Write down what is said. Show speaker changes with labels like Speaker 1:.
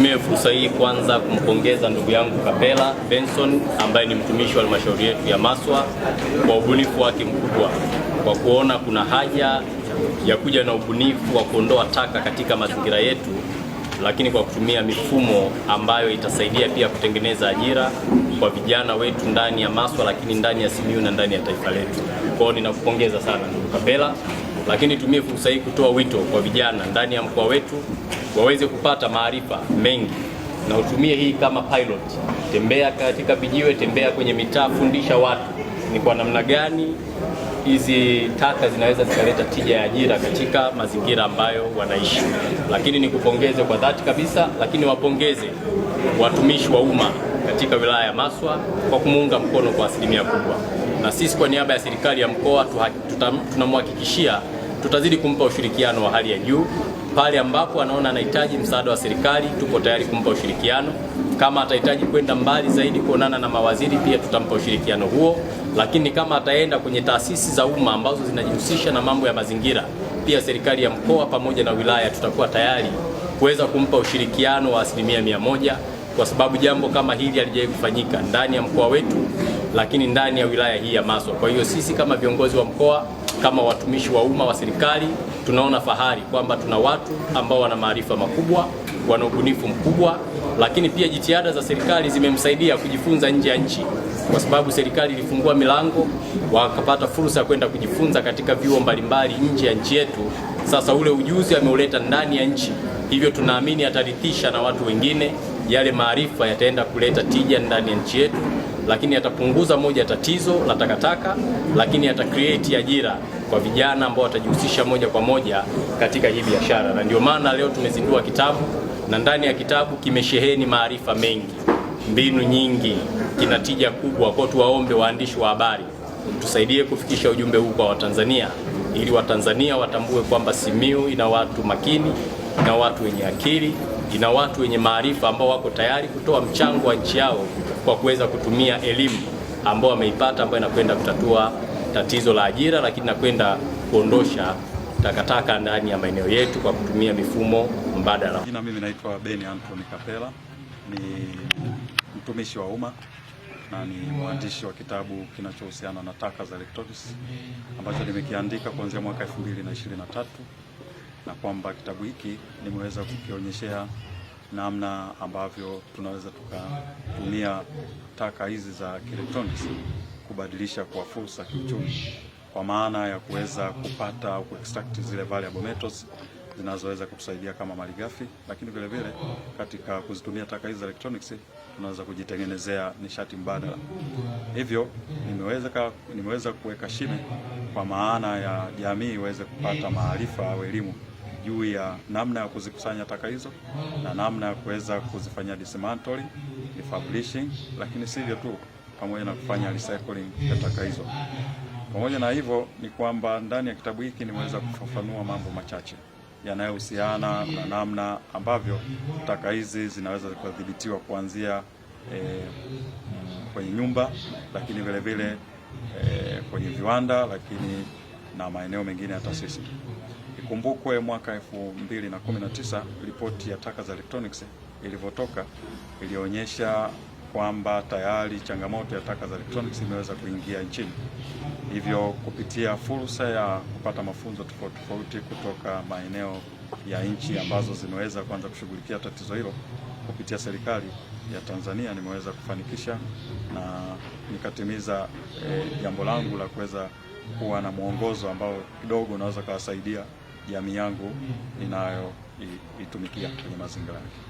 Speaker 1: Nitumie fursa hii kwanza kumpongeza ndugu yangu Kapela Benson ambaye ni mtumishi wa halmashauri yetu ya Maswa kwa ubunifu wake mkubwa kwa kuona kuna haja ya kuja na ubunifu wa kuondoa taka katika mazingira yetu, lakini kwa kutumia mifumo ambayo itasaidia pia kutengeneza ajira kwa vijana wetu ndani ya Maswa, lakini ndani ya Simiyu na ndani ya taifa letu. Kwa hiyo ninakupongeza sana ndugu Kapela, lakini tumie fursa hii kutoa wito kwa vijana ndani ya mkoa wetu waweze kupata maarifa mengi, na utumie hii kama pilot. Tembea katika vijiwe, tembea kwenye mitaa, fundisha watu ni kwa namna gani hizi taka zinaweza zikaleta tija ya ajira katika mazingira ambayo wanaishi. Lakini nikupongeze kwa dhati kabisa, lakini wapongeze watumishi wa umma katika wilaya ya Maswa kwa kumuunga mkono kwa asilimia kubwa, na sisi kwa niaba ya serikali ya mkoa tunamhakikishia tutazidi kumpa ushirikiano wa hali ya juu pale ambapo anaona anahitaji msaada wa serikali, tupo tayari kumpa ushirikiano. Kama atahitaji kwenda mbali zaidi kuonana na mawaziri, pia tutampa ushirikiano huo, lakini kama ataenda kwenye taasisi za umma ambazo zinajihusisha na mambo ya mazingira, pia serikali ya mkoa pamoja na wilaya tutakuwa tayari kuweza kumpa ushirikiano wa asilimia mia moja kwa sababu jambo kama hili halijawahi kufanyika ndani ya mkoa wetu, lakini ndani ya wilaya hii ya Maswa. Kwa hiyo sisi kama viongozi wa mkoa, kama watumishi wa umma wa serikali tunaona fahari kwamba tuna watu ambao wana maarifa makubwa, wana ubunifu mkubwa, lakini pia jitihada za serikali zimemsaidia kujifunza nje ya nchi, kwa sababu serikali ilifungua milango, wakapata fursa ya kwenda kujifunza katika vyuo mbalimbali nje ya nchi yetu. Sasa ule ujuzi ameuleta ndani ya nchi, hivyo tunaamini atarithisha na watu wengine. Yale maarifa yataenda kuleta tija ndani ya nchi yetu, lakini atapunguza moja tatizo la takataka, lakini atacreate ajira kwa vijana ambao watajihusisha moja kwa moja katika hii biashara, na ndio maana leo tumezindua kitabu, na ndani ya kitabu kimesheheni maarifa mengi, mbinu nyingi, kina tija kubwa. Kwa tuwaombe waandishi wa habari tusaidie kufikisha ujumbe huu kwa Watanzania ili Watanzania watambue kwamba Simiyu ina watu makini, ina watu wenye akili, ina watu wenye maarifa ambao wako tayari kutoa mchango wa nchi yao kwa kuweza kutumia elimu ambao wameipata ambayo inakwenda kutatua tatizo la ajira, lakini na kwenda kuondosha takataka ndani ya maeneo yetu kwa kutumia mifumo mbadala.
Speaker 2: Jina mimi naitwa Beni Anthony Kapela, ni mtumishi wa umma na ni mwandishi wa kitabu kinachohusiana na taka za electronics ambacho nimekiandika kuanzia mwaka 2023 na kwamba kitabu hiki nimeweza kukionyeshea namna ambavyo tunaweza tukatumia taka hizi za kielektroniki kubadilisha kwa fursa kiuchumi, kwa maana ya kuweza kupata au kuextract zile valuable metals zinazoweza kutusaidia kama malighafi, lakini vile vile katika kuzitumia taka hizi electronics tunaweza kujitengenezea nishati mbadala. Hivyo nimeweza nimeweza kuweka shime kwa maana ya jamii iweze kupata maarifa au elimu juu ya namna ya kuzikusanya taka hizo na namna ya kuweza kuzifanyia dismantling, refurbishing, lakini sivyo tu pamoja na kufanya recycling ya taka hizo. Pamoja na hivyo, ni kwamba ndani ya kitabu hiki nimeweza kufafanua mambo machache yanayohusiana na namna ambavyo taka hizi zinaweza kudhibitiwa kuanzia e, kwenye nyumba, lakini vile vile e, kwenye viwanda, lakini na maeneo mengine ya taasisi. Ikumbukwe mwaka 2019 ripoti ya taka za electronics ilivyotoka ilionyesha kwamba tayari changamoto ya taka za electronics imeweza kuingia nchini, hivyo kupitia fursa ya kupata mafunzo tofauti tofauti kutoka maeneo ya nchi ambazo zimeweza kuanza kushughulikia tatizo hilo kupitia serikali ya Tanzania nimeweza kufanikisha na nikatimiza eh, jambo e, langu la kuweza kuwa na mwongozo ambao kidogo unaweza ukawasaidia jamii yangu inayoitumikia kwenye mazingira yake.